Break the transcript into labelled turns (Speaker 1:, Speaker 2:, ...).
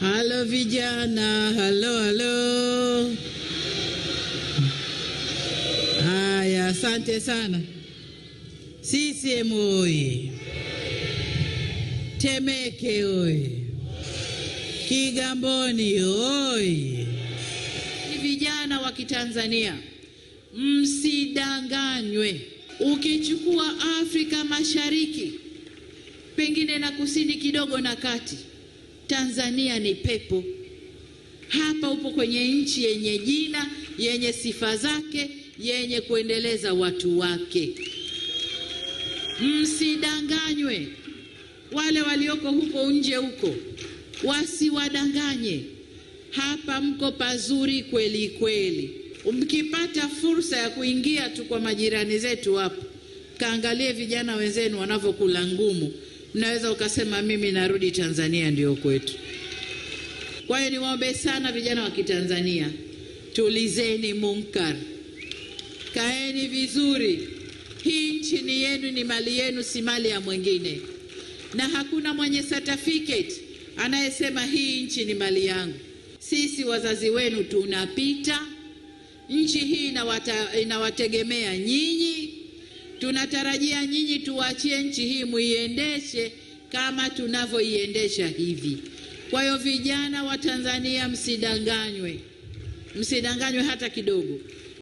Speaker 1: Halo vijana, halo halo. Haya, asante sana. CCM oye! Temeke oye! Kigamboni oye!
Speaker 2: Vijana wa Kitanzania, msidanganywe. Ukichukua Afrika Mashariki pengine na kusini kidogo na kati Tanzania ni pepo. Hapa upo kwenye nchi yenye jina, yenye sifa zake, yenye kuendeleza watu wake. Msidanganywe, wale walioko huko nje huko wasiwadanganye. Hapa mko pazuri kweli kweli. Mkipata fursa ya kuingia tu kwa majirani zetu hapo, kaangalie vijana wenzenu wanavyokula ngumu unaweza ukasema mimi narudi Tanzania, ndiyo kwetu. Kwa hiyo niwaombe sana vijana wa Kitanzania, tulizeni munkar, kaeni vizuri. Hii nchi ni yenu, ni mali yenu, si mali ya mwingine, na hakuna mwenye certificate anayesema hii nchi ni mali yangu. Sisi wazazi wenu tunapita, nchi hii inawategemea nyinyi. Tunatarajia nyinyi tuwachie nchi hii muiendeshe kama tunavyoiendesha hivi. Kwa hiyo vijana wa Tanzania, msidanganywe, msidanganywe hata kidogo.